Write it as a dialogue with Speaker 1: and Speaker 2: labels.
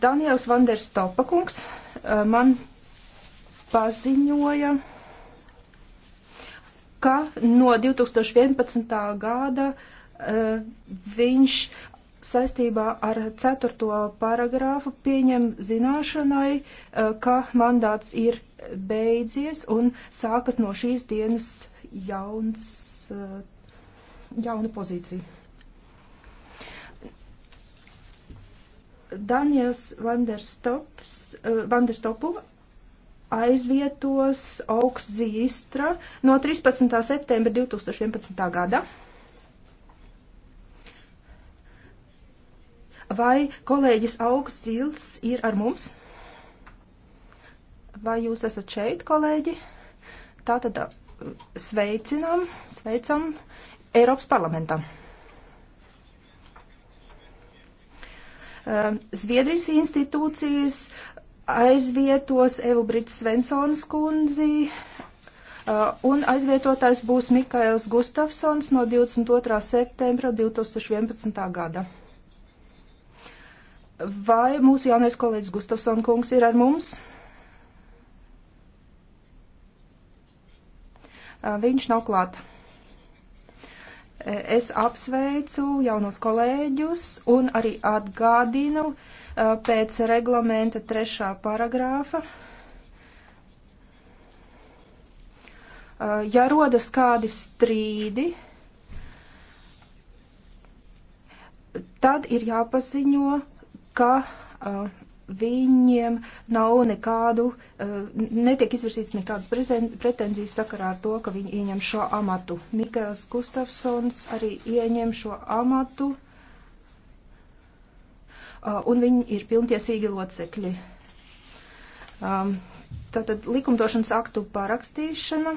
Speaker 1: Daniels Vanders Topakungs man paziņoja, ka no 2011. gada viņš saistībā ar 4. paragrāfu pieņem zināšanai, ka mandāts ir beidzies un sākas no šīs dienas jauns, jauna pozīcija. Daniels Vanderstops, uh, eh, Vanderstopu aizvietos Augszīstra no 13. septembra 2011. gada. Vai kolēģis Augsts ir ar mums? Vai jūs esat šeit, kolēģi? Tātad eh, sveicinām, sveicam Eiropas parlamentam. Um, Zviedrijas institūcijas aizvietos Evu Brits Svensons kundzi, uh, un aizvietotājs būs Mikaels Gustafsons no 22. septembra 2011. gada. Vai mūsu jaunais kolēģis Gustafson kungs ir ar mums? Uh, viņš nav klāta. Es apsveicu jaunos kolēģus un arī atgādinu pēc reglamenta trešā paragrāfa. Ja rodas kādi strīdi, tad ir jāpaziņo, ka viņiem nav nekādu, eh, netiek izvirsīts nekādas pretenzijas sakarā ar to, ka viņi ieņem šo amatu. Mikaels Gustafsons arī ieņem šo amatu, eh, un viņi ir pilntiesīgi locekļi. Um, tātad likumdošanas aktu pārakstīšana.